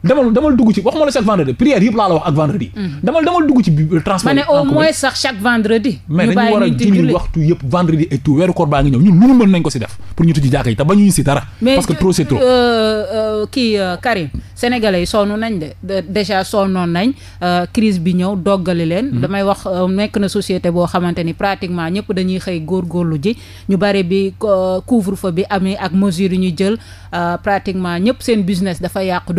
B: demal demal dugg ci waxuma la chaque vendredi prière yëpp laa la wax ak vendredi. Mm. demal demal dugg ci euh, transport. ma ne au
A: sax chaque vendredi. mais dañu waxtu
B: yëpp vendredi et tout weeru koor baa ngi ñëw ñun mënu mën nañ ko si def pour ñu tujji jàkka yi te bañuñu si dara. parce que trop c'est trop
A: euh, euh, kii Karim sénégalais yi sonn nañ de déjà sonnoon nañ crise bi ñëw doggali leen. Mm-hmm. damay wax nekk na société boo xamante ni pratiquement ñëpp dañuy xëy góorgóorlu ji ñu bare bi couvre bi amee ak mesure yi ñu jël pratiquement ñëpp seen business dafa yàqu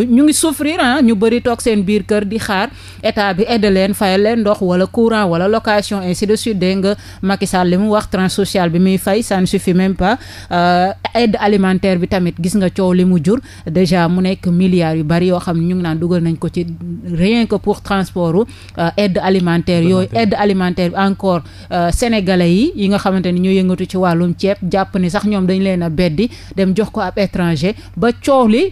A: souffrir ah ñu bëri toog seen biir kër di xaar état bi aide leen fayal leen ndox wala courant wala location ainsi de suite dégg nga Macky Sall li mu wax tranche bi muy fay ça ne suffit même pas euh, aide alimentaire bi tamit gis nga coow li mu jur déjà mu nekk milliards yu bari yoo xam ne ñu ngi naan dugal nañ ko ci rien que pour transport euh, aide alimentaire yooyu aide alimentaire encore euh, sénégalais yi yi nga xamante ni ñoo yëngatu ci wàllum ceeb jàpp ni sax ñoom dañ leen a beddi dem jox ko ab ba coow li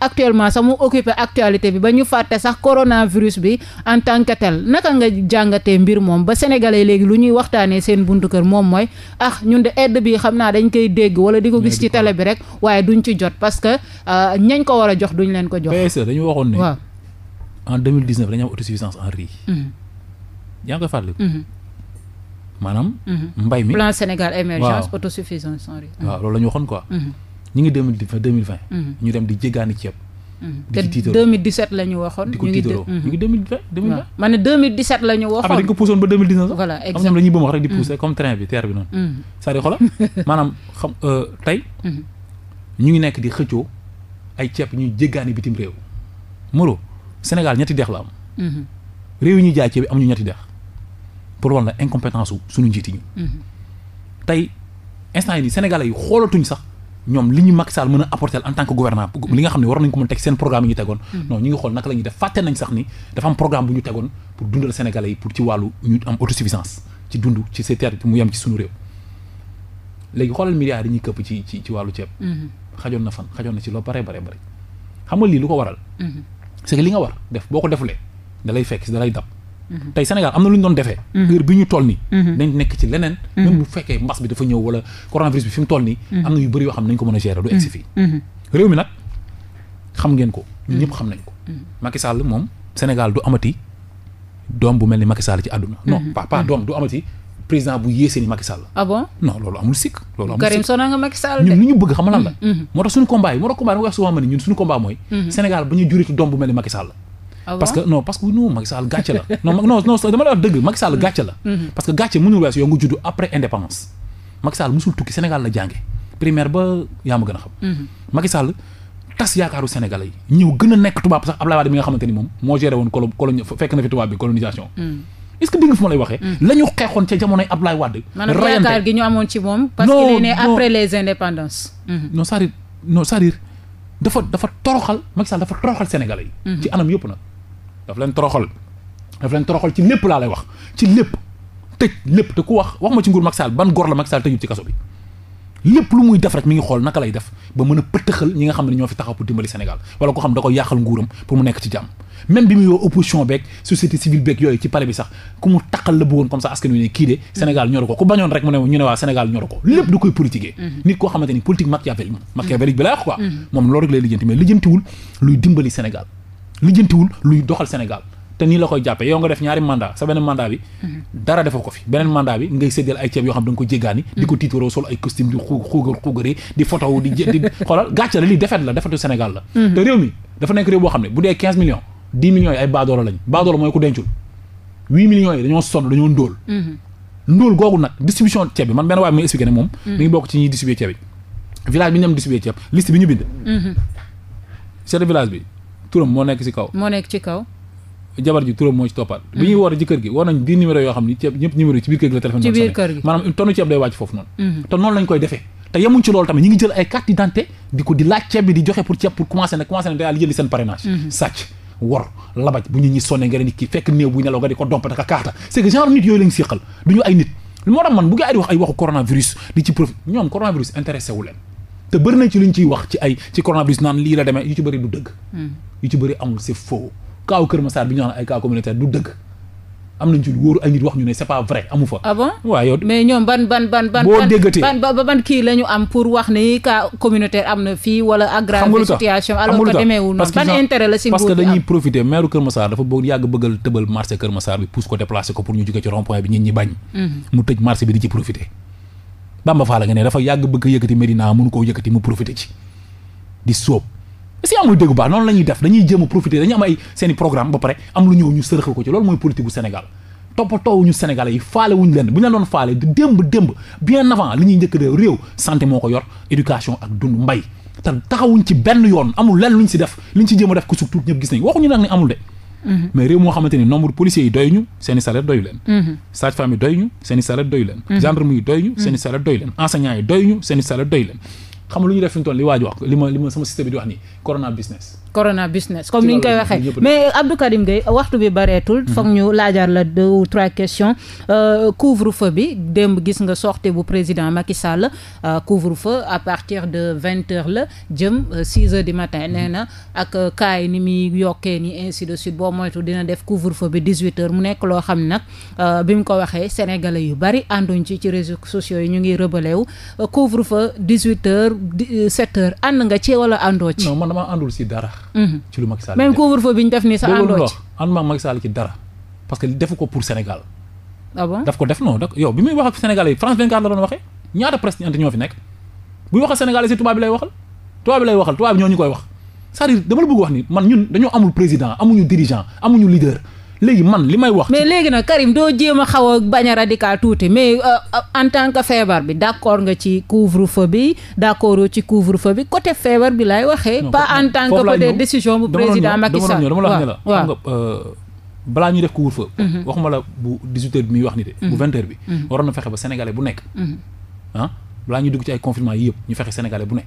A: actuellement sax mu occupé actualité bi ba ñu fàtte sax coronavirus bi en tant que tel naka nga jàngatee mbir moom ba sénégalais léegi lu ñuy waxtaanee seen buntu kër moom mooy ah ñun de aide bi xam naa dañ koy dégg wala di ko gis ci télé bi rek waaye duñ ci jot parce que euh, ñañ ko war a jox duñ leen ko jox.
B: PSE dañu waxoon ni waaw en 2019 dañu am autosuffisance en riz. Mm-hmm. yaa ngi koy fàttaliku. Mm-hmm. maanaam. Mm-hmm. mbay mi plan Sénégal émergence
A: autosuffisance en riz.
B: waxoon quoi. ñu ngi deux mille deux mille vingt. Mm-hmm. ñu dem di jéggaani ceeb. Mm-hmm. di ci tiitaroo te
A: 2017 la ñu waxoon. ñu ngi ñu ngi 2020 2020. ma ne 2017 la ñu waxoon. après dañ ko
B: poussé woon ba 2019. voilà exactement am na lu ñuy bëgg wax rek di poussé comme train bi terre bi noonu. Mm-hmm. c'est-à-dire xoolal [laughs] maanaam xam euh, tey. ñu ngi nekk di xëccoo ay ceeb ñuy jéggaani bitim réew. Moro Sénégal ñetti dex la am. réew yi ñuy jaay ceeb bi amuñu ñetti dex. pour wàllu incompétence su suñu njiit yi. tey instant yii nii sénégalais yi xoolatuñ sax. ñoom li ñu Macky Sall mën a apporter en tant que gouvernant li nga xam ne war nañ ko mën teg seen programme yi ñu tegoon hmm. non ñu ngi xool naka la def fàtte nañ sax ni dafa am programme bu ñu tegoon pour dundal Sénégalais yi pour ci wàllu ñu am autosuffisance ci dund ci ses terres mu yem ci suñu réew léegi xoolal milliards yi ñuy këpp ci wàllu ceeb hmm. xajoon na fan xajoon na ci loo bare bare bare xam lii lu ko waral hmm. c'est li nga war def boo ko defulee da lay fekk da Mhm. tey Sénégal am na lu ñu doon defee. Mhm. heure bi ñu toll nii. dañ mhm. nekk ci leneen. même bu fekkee mbas bi dafa ñëw wala coronavirus bi fi mu toll nii. am na yu bëri yoo xam ne nañ mi nag xam ngeen ko. ñun ñëpp xam nañ ko. Macky Sall moom Sénégal du amati doom bu mel ni Macky Sall ci àdduna. non pas pas doom du amati. président bu yéesee ni Macky Sall. ah bon loolu amul sikk. loolu amul sikk Karim sonal
A: nga Macky Sall de. ñun
B: ñu bëgg xam la. moo tax suñu combat moo tax combat yi wax souvent ma ne ñun suñu combat mooy. Sénégal ba ñu Ah parce que non parce que no Macky Sall gàcce la non non non dama la wax dëgg Macky Sall gàcce la. Mhm. parce que gàcce mënul weesu yow nga juddu après indépendance Macky musul tukki Sénégal la jànge primaire ba yaa ma gën a xam. Mhm. Macky Sall tas yaakaaru Sénégalais yi ñëw gën a nekk tubaab sax Abdoulaye Wade mi nga xamante ni moom moo géré woon colo colo fekk na fi tubaab bi colonisation. Mhm. est-ce que dégg nga fu ma lay waxee. la ñu xeexoon ca jamonoy Abdoulaye Wade. rayante maanaam yaakaar
A: gi ñu amoon ci moom. parce qu'il est né après les
B: indépendances. non cest dafa dafa toroxal Macky Sall dafa toroxal yëpp nag. daf leen toroxal daf leen toroxal ci lépp laa lay wax ci lépp tëj lépp te ku wax wax ma ci nguur Macky ban gor la Macky tëjul ci kaso bi lépp lu muy def rek mi ngi xool naka lay def ba mën a pëtëxal ñi nga xam ne ñoo fi taxaw pour dimbali Sénégal wala ko xam da ko yàqal nguuram pour mu nekk ci jàmm même bi muy woo opposition beeg société civile beeg yooyu ci palais bi sax ku mu taqal la bëggoon comme ça askan wi ne kii de Sénégal ñoru ko ku bañoon rek mu ne ñu ne waa Sénégal ñoru mhm. xamante ni politique machiavélique machiavélique mhm. bi lay wax quoi mhm. moom loolu rek lay lijjantiwul luy doxal Sénégal te nii la koy jàppee yow nga def ñaari mandat sa beneen mandat bi mhm. dara defoo ko fi beneen mandat bi ngay séddale ay ceeb yoo xam da nga ko jéggaani di ko mhm. tiitaroo sol ay costume di xuu xuugar xuugaree di photo di di [laughs] xoolal gàcce la lii defet la defetu Sénégal la mhm. te réew mi dafa nekk réew boo xam ne bu dee quinze millions dix millions yi ay baadoolo lañ baadoolo mooy ku dencul huit millions yi dañoo sonn dañoo
C: ndóol
B: turam moo nekk ci kaw. jabar ji turam moo ci bi ñuy mm-hmm. woote ci kër gi war nañ di numéro yoo xam ni ceeb ñëpp numéro yi ci biir kër gi la téléphone. ci biir kër gi maanaam tonn ceeb day wàcc foofu noonu. Mm-hmm. te noonu lañ koy defee. te yemuñ ci loolu tamit ñi ngi jël ay carte d'identité di ko di laaj ceeb bi di joxe pour ceeb pour commencer nag commencer nag daal jël seen parrainage. Mm-hmm. sàcc wor labaj bu ñu ñi sonné nga leen di kii fekk néew bu nelaw nga wu leen te bëri na ci luñ ciy wax ci ay ci coronavirus naan lii la demee yu ci bëri du dëgg. Hmm. yu ci bëri amul c'est faux kaaw Kër Massar bi ñu ne ay cas communautaire ban ban ban ban. boo déggatee ban
A: ban na fii wala. aggraver situation alors que demeewul noonu ban dañuy
B: profiter maire Kër Massar dafa bëgg yàgg bëggal tëbal marché Kër Massar bi pousse ko déplacer ko pour ñu jóge ci rond point bi nit ñi bañ. Hmm. mu tëj marché bi di ci profiter. Bamba Fall nga ne dafa yàgg bëgg yëkkati Medina mun koo yëkkati mu profité ci di sóob si amul lu dégg baax noonu la ñuy def dañuy jéem a profité dañuy am ay seen i programme ba pare am lu ñëw ñu sërxal ko ci loolu mooy politique bu Sénégal toppatoo ñu Sénégalais yi faale wuñu leen bu ñu la doon faale démb démb bien avant li ñuy njëkk de réew santé moo ko yor éducation ak dund mbay te taxawuñ ci benn yoon amul lenn luñ si def liñ si jéem def ku sug tuut ñëpp gis nañ waxuñu ne amul de Mhm. mais réew moo xamante ni nombre policiers yi doy ñu seen i salaire doyu leen mhm. sage yi doy ñu seen i salaire doyu leen mhm. gendarme yi doy ñu seen i salaire leen enseignants yi doy ñu seen i salaire leen xam lu ñu def fi li waaj wax li ma li ma sama système bi di wax nii corona business
A: corona business comme ni ñu koy waxee mais Abdou Karim Gueye waxtu bi bareetul mhm. foog ñu laajaar la deux ou trois questions euh, couvre-feu bi démb gis nga sortie bu président Macky Sall euh, couvre fa à partir de vingt heures la jëm euh, six heures du matin mhm. nee na ak cas yi ni muy yokkee ni ainsi de suite boo moytu dina def couvre-feu bi dix huit heures mu nekk loo xam nag bi mu ko waxee sénégalais yu bari ànduñ ci ci réseau sociaux yi ñu ngi rebelle wu couvre fa dix huit heures sept heures ànd nga ci wala àndoo ci àndul si dara
B: Mhm. ci lu Macky Sall même couvre
A: ñu def nii sa àndoo ci
B: ànduma Macky dara parce que defu ko pour Sénégal ah daf ko def non yow bi muy wax ak Sénégalais yi France 24 la doon waxee ñaata presse ñante ñoo fi nekk buy wax ak Sénégalais si tubaab bi lay waxal tubaab bi lay waxal tubaab bi ñoo ñu koy wax c'est-à-dire dama la bëgg wax ni man ñun dañoo amul président amuñu dirigeant amuñu leader léegi man li may wax.
A: mais léegi nag Karim doo jéem a xaw a baña a radical tuuti mais euh, euh, en tant que feebar bi d' accord nga ci couvre feu bi d' ci couvre feu bi côté feebar bi lay waxee. pas en tant que côté décision bu président Macky Sall dama la
B: euh, balaa ñuy def couvre feu. Mhm. waxuma la bu 18h bi muy wax ni de. bu 20 mhm. bi. Mhm. waroon na fexe ba sénégalais bu nekk. ah balaa ñu dugg ci ay confinement yi yëpp ñu fexe sénégalais bu nekk.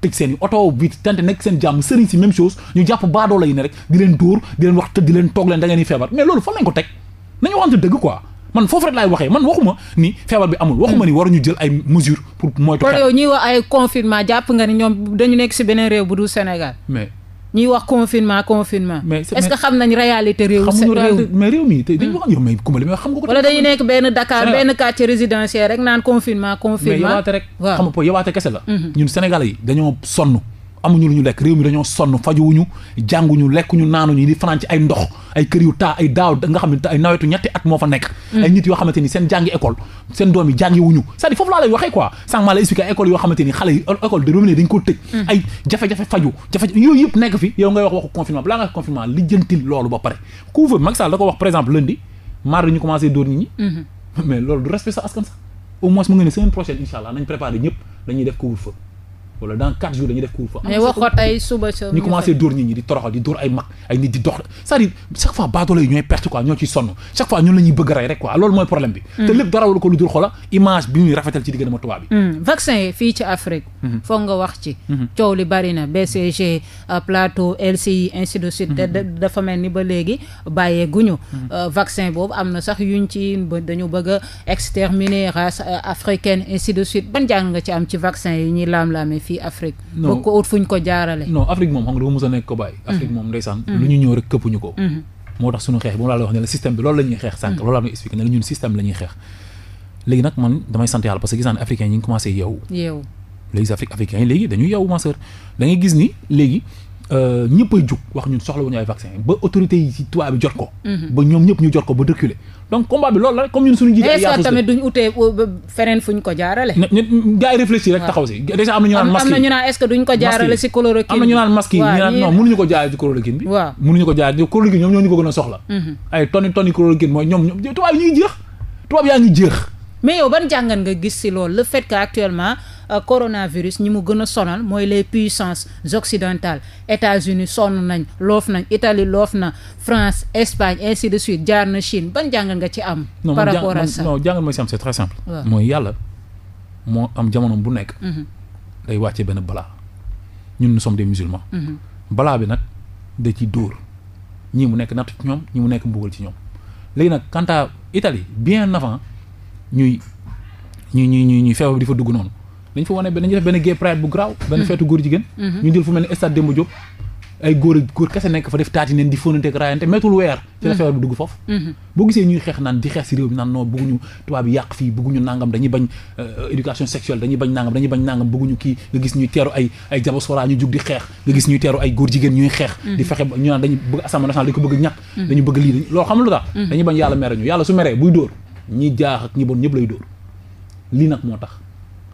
B: teg seen i oto bi tante nekk seen jàmm sëriñ si même chose ñu jàpp baadoola yi ne rek di leen dóor di leen wax tëdd di leen toog leen da ngeen di feebar mais loolu fan lañ ko teg nañu waxante dëgg quoi man foofu rek laay waxee man waxuma ni feebar bi amul waxuma ni waruñu jël ay mesures pour moytu. kon yow
A: ñuy wax ay confinement jàpp nga ni ñoom dañu nekk si beneen réew bu dul Sénégal mais ñuy wax confinement confinement. mais est-ce que xam nañ réalité réew. réew
B: mais réew mi tey dañu hmm. wax yow mais Koumba xam nga ko. wala dañu nekk
A: benn Dakar benn quartier résidentiel rek naan confinement confinement. mais
B: yowaate rek kese la. Hmm. ñun Sénégalais dañoo sonn. amuñu lu ñu lekk réew mi dañoo sonn ñu jànguñu lekkuñu naanuñu di fanaan ci ay ndox ay kër yu taa ay daaw nga xam ne ay nawetu ñetti at moo fa nekk mm. ay nit yoo xamante ni seen jàngi école seen doom yi jàngi wuñu c'est-à-dire foofu laa lay waxee quoi sànq maa lay expliqué ay école dañ ko tëj mm. ay jafe-jafe faju yooyu yëpp nekk fi yow ngay wax waxu confinement balaa nga wax confinement lijjantil loolu ba pare couvre Macky Sall da ko wax par exemple lundi mardi ñu [laughs] wala dans quatre jours dañuy def couvre-feu. mais waxoo
A: tey suba sa. ñu commencé dóor
B: nit ñi di toroxal di dóor ay mag ay nit di dox c'est-à-dire chaque fois baadoola yi ñooy perte quoi ñoo ciy sonn chaque fois ñun la bëgg rey rek quoi loolu mooy problème bi. Mm. te lépp dara wala ko lu dul xoola image bi ñuy rafetal ci diggante ma tubaab bi.
A: Mm. vaccin yi fii ci Afrique. Mm-hmm. foog nga wax ci. Mm-hmm. coow li bari BCG euh, plateau LCI ainsi de suite. Mm-hmm. dafa mel ni ba léegi bàyyee guñu. Euh, vaccin a euh, vaccin yi fii Afrique. non ko ut fuñ ko jaarale. non
B: Afrique moom xam nga dafa mës a nekk ko bàyyi. Mm. Afrique moom ndeysaan. Mm. lu ñu ñëw rek këppuñu ko. Mm-hmm. moo tax suñu xeex bi moom laa la ne la système bi loolu la ñuy xeex sànq mm. loolu laa doon expliqué ne la ñun système la xeex léegi nag man damay sant parce que gis naa africain yi ñu ngi commencé yeewu. yeewu léegi afrique africain yi léegi dañuy yeewu ma sœur gis ni léegi Euh, ñëpp ay jug wax ñun soxla wu ñu ay vaccin ba autorité yi ci tubaab jot ko. Mhm. ba ñoom ñëpp ñu jot ko ba reculer donc combat bi comme ñun suñu jiite. ay yaatu tamit
A: duñ utee feneen fuñ ko
B: yi réfléchir rek taxaw ñu
A: ko jaarale si chloroquine. am na
B: ñu ko jaarale si chloroquine bi. waaw mënuñu ko jaarale chloroquine ñoom ñoo ñu ko gën a soxla. Mhm. ay tonni tonni mooy ñoom ñoom tubaab ñu ngi jeex yaa ngi jeex
A: mais yow ban jàngat nga gis si loolu le fait actuellement Euh, coronavirus ñi mu gën a sonal mooy les puissances occidentales États-Unis sonn nañ loof nañ itali loof na France Espagne ainsi de suite jaar na Chine ban jàngal nga ci am. par rapport à ça
B: non jàngal ma ci am c'est mooy yàlla moo am jamono bu nekk. Mm-hmm. day wàcce benn balaa ñun nous sommes des musulmans. Mm-hmm. balaa bi nag da ci dóor ñii mu nekk natt ci ñoom ñii mu nekk mbugal ci ñoom léegi nag quant à bien avant ñuy ñuy ñuy ñuy feebar bi di fa dugg noonu. dañ fa wane dañuy def benn gay pride bu garaaw. benn feetu góor jigéen. Mhm. ñu jël fu mel ne stade Demba Diop. ay góor ak góor kese nekk fa def taati neen di fóonanteeg raayante mettul weer. ci la mhm. feebar bi dugg foofu. Mhm. boo gisee ñuy xeex naan di xeex si réew mi naan non bëgguñu tubaab yi yàq fii bëgguñu dañuy bañ euh, éducation sexuelle dañuy bañ nangam dañuy bañ nangam bëgguñu kii nga gis ñuy teeru ay ay diaspora ñu jug di xeex nga gis ñuy teeru ay góor jigéen ñuy xeex. di fexe ñu naan dañuy bëgg assemblée nationale dañu ko bëgg ñàkk. dañu bëgg lii loo xam lu tax. bañ yàlla mere ñu yàlla su meree buy dóor ñi jaax ak ñi bon ñëpp lay dóor lii nag moo tax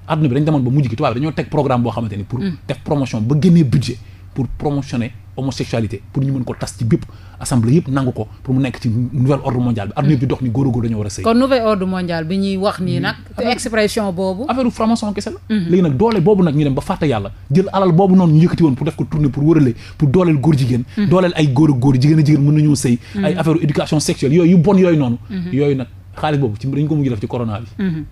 B: adduna bi dañ demoon ba mujj gi tubaab bi dañoo teg programme boo xamante pour mm. def promotion ba génnee budget pour promotionner homosexualité pour ñu mën ko tas ci bépp assemblée yëpp nangu ko pour mu nekk ci nouvel ordre mondial bi adduna bi dox ni góor a góor dañoo war a sëy kon
A: nouvel ordre mondial bi ñuy wax nii mm. nag expression boobu affaire franc-maçon kese mm-hmm.
B: ko noonu mm-hmm. yooyu ko mujj def ci corona bi mm-hmm.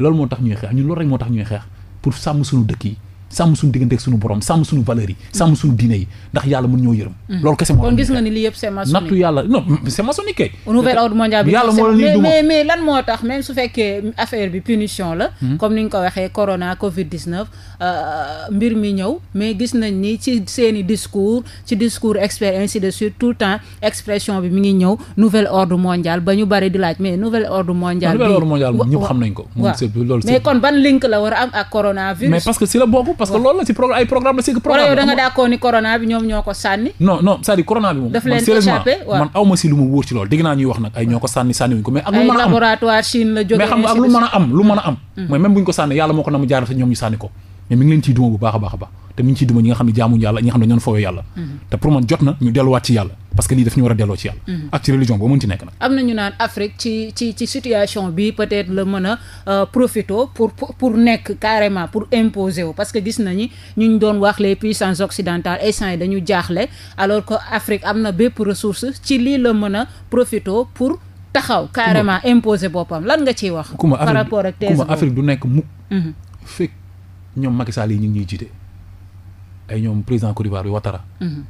B: loolu moo tax ñuy xeex ñun loolu rek moo tax ñuy xeex pour sàmm suñu dëkk yi sàmm suñu diggante ak suñu borom sàmm suñu valeurs yi sàmm suñu diine yi ndax yàlla mën ñoo yërëm mm. loolu kese moo kon gis nga ni lii yëpp c'est maçonnique kay nouvel ordre mondial bi yàlla
A: moo tax même su fekkee affaire bi punition la hmm? comme ni nga ko waxee corona covid 19 Euh, mbir mi ñëw mais gis nañ ni ci seeni discours ci discours expert de suite tout temps expression bi mi ngi ñëw nouvel ordre mondial ba ñu bari di laaj mais nouvel ordre mondial. nouvel ordre mondial moom ñëpp xam nañ ko. a am ak coronavirus. mais
B: man aw si lu mu wóor ci loolu dégg naa ñuy wax nag ay ñoo ko sànni sànni wuñ ko mais
A: ak lu mën a am
B: lu mën a am lu mën a am. mooy même bu ñu ko sànni yàlla moo ko na mu jaar ñoom ñu sànni ko mais mi ngi leen ciy duma bu baax a baax a baax te mi ngi xam ne jaamuñu yàlla ñi nga xam ne ñoon fooyoo yàlla mm-hmm. te pour man jot na ñu delluwaat ci yàlla parce que lii daf ñu war a delloo ci yàlla mm-hmm. ak ci religion boo mën nekk nag
A: am na ñu naan Afrique ci ci ci situation bi peut-être la mën a euh, profito pour pour nekk carrément pour imposer wu parce que gis na nañu ñuñ doon wax les puissances occidentales essant dañu jaaxle alors que Afrique am na bépp ressource ci lii la mën a profito pour taxaw carrément imposer boppam lan nga ciy wax par rapport ak thèse Afrique du
B: nekk mukk mm-hmm. ñoom Macky Sall yi ñu ngi ñuy jiite ay ñoom président Côte d'Ivoire bi Ouattara. Mhm.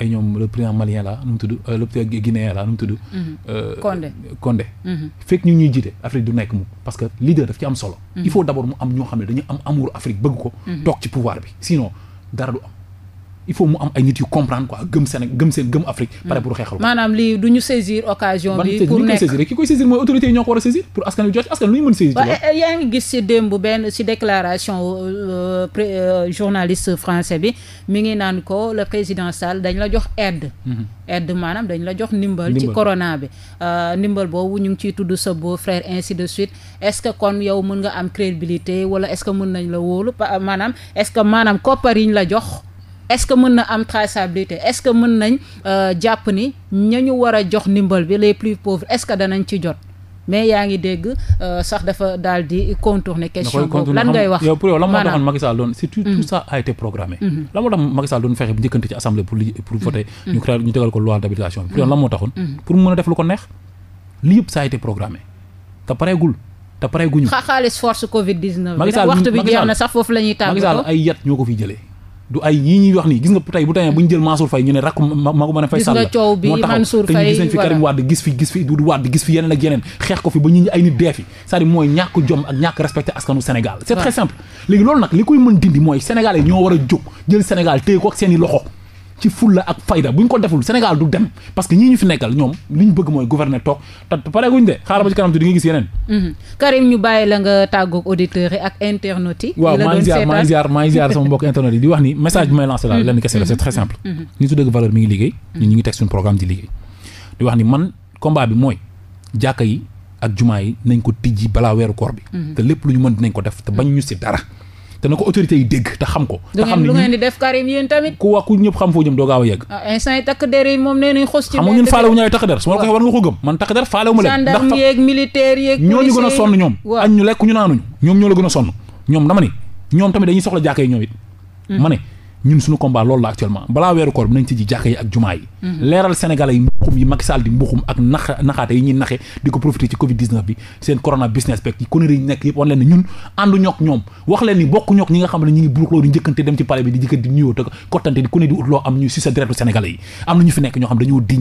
B: ay ñoom le malien la nu mu tudd euh, le guinéen la nu mu tudd.
C: Mhm. Euh, Condé Condé. Mhm.
B: fekk ñu ñuy jiite Afrique du nekk mu parce que leader daf ci am solo. il faut d'abord mu am ñoo xam ne dañu am amour Afrique bëgg ko. toog ci pouvoir bi sinon dara du am. il faut mu am ay nit yu comprendre quoi gëm Sénégal gëm seen gëm Afrique. Mm. pare pour xeexal
A: maanaam lii du ñu occasion. bi pour nekk ki koy saisir
B: mooy autorités yi ñoo ko war a saisir pour askan wi jot askan lu ñu mën saisir. yaa
A: ngi gis si démb benn si déclaration euh, euh, journaliste français bi mi ngi naan ko le président dañ la jox aide. Mhm. aide maanaam dañ la jox ndimbal. ci corona bi euh, ndimbal boobu ñu ngi ciy tudd sa beau frère ainsi de suite est-ce que kon yow mën nga am crédibilité wala est-ce que mën nañ la wóolu maanaam est-ce que maanaam koppar yi ñu la jox. est-ce que mën na am traçabilité est-ce que mën nañ euh, jàpp ni ña ñu war a jox ndimbal bi les plus pauvres est-ce que danañ ci jot mais yaa ngi dégg euh, sax dafa daal di contourner question boobu lan ngay wax pour yow la moo taxoon
B: Macky doon c'est tout mhm. tout ça a été programmé mhm. la moo tax Macky Sall doon fexe bu njëkkante ci assemblée pour li mhm. pour yow la moo taxoon pour mën a def lu ko neex li yëpp ça a programmé te pareegul te pareeguñu
A: xaalis force covid 19 bi waxtu bi jeex
B: na du ay yii ñuy wax nii gis nga tey bu tawee bu ñu jël Mansour Faye ñu ne rakk magu mën a fay sàll moo taxaw te ñu gis nañ fi Karim Wade gis fi gis fi gis fi yeneen ak yeneen xeex ko fi ba ñu ay nit dee fi cest mooy ñàkk jom ak ñàkk respecté askanu Sénégal c'est très léegi loolu nag li koy mën dindi mooy Sénégalais ñoo war a jóg jël Sénégal téye ko ak seeni loxo ci fulla ak fayda bu ñu ko deful Sénégal du dem parce que ñii ñu fi nekkal ñoom li ñu bëgg mooy gouverner toog te pareeguñ de xaaral ba ci kanam tuuti di nga gis yeneen.
A: Mhm. Karim ñu bàyyi la nga tàggoog auditeurs yi ak internautes yi. waaw maa ngi ziar maa ngi ziar maa ngi ziar sama mbokk
B: internautes yi di bi mhm. kese la c'est très simple. ñi mhm. su dëgg valeur mi ngi liggéey. ñu ngi teg suñu programme di liggéey. di wax ni man combat bi mooy jàkka yi ak jumaa yi nañ ko tijji balaa weeru koor bi. te lépp lu ñu mën dinañ ko def te bañ ñu te na ko autorité yi dégg te xam ko. te xam ne lu ngeen di
A: def Karim yéen
B: ku wax ku ñëpp xam foo jëm doo gaaw a yegg.
A: ah instant yi takk der yi moom ñun faale
B: ay takk der su ma la waxee war nga ko man takk der faale leen. ndax gendarme yeeg
A: militaire yeeg. policier ñooñu gën a sonn ñoom.
B: waaw añ ñu lekk ñu ñoom ñoo la gën a sonn ñoom dama ni ñoom tamit dañuy soxla jàkka yi ñoom it hmm. ma ne ñun suñu combat loolu la actuellement balaa weeru koor bi nañ tijji jàkka yi ak jumaa yi leeral sénégalais yi mbuxum yi Macky di mbuxum ak nax naxaate yi ñuy naxe di ko profité ci covid bi seen corona business bek yi yi nekk ñun àndu ñook ñoom wax ni bokk ñook ñi nga xam ne ñu ngi buruxloo di njëkkante dem ci palais bi di njëkkante di nuyoo te kottante di ku di ut loo am si sa directu sénégalais yi am na ñu fi nekk ñoo xam dañoo diñ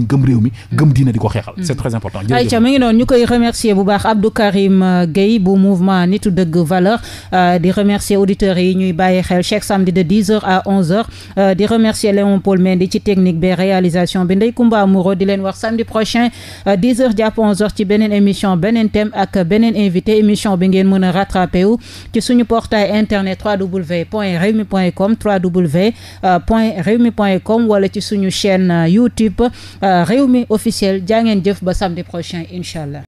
A: heures euh, di remercier Léon Paul di ci technique bi réalisation bi Ndeye Comba Moreau di leen wax samedi prochain 10 euh, heures jàpp 11 heures ci beneen émission beneen thème ak beneen invité émission bi ngeen mën a rattrapé wu ci suñu portail internet www point rewmi point com www point rewmi point com wala ci suñu chaîne euh, YouTube Rewmi officiel jaa ngeen jëf ba samedi prochain incha allah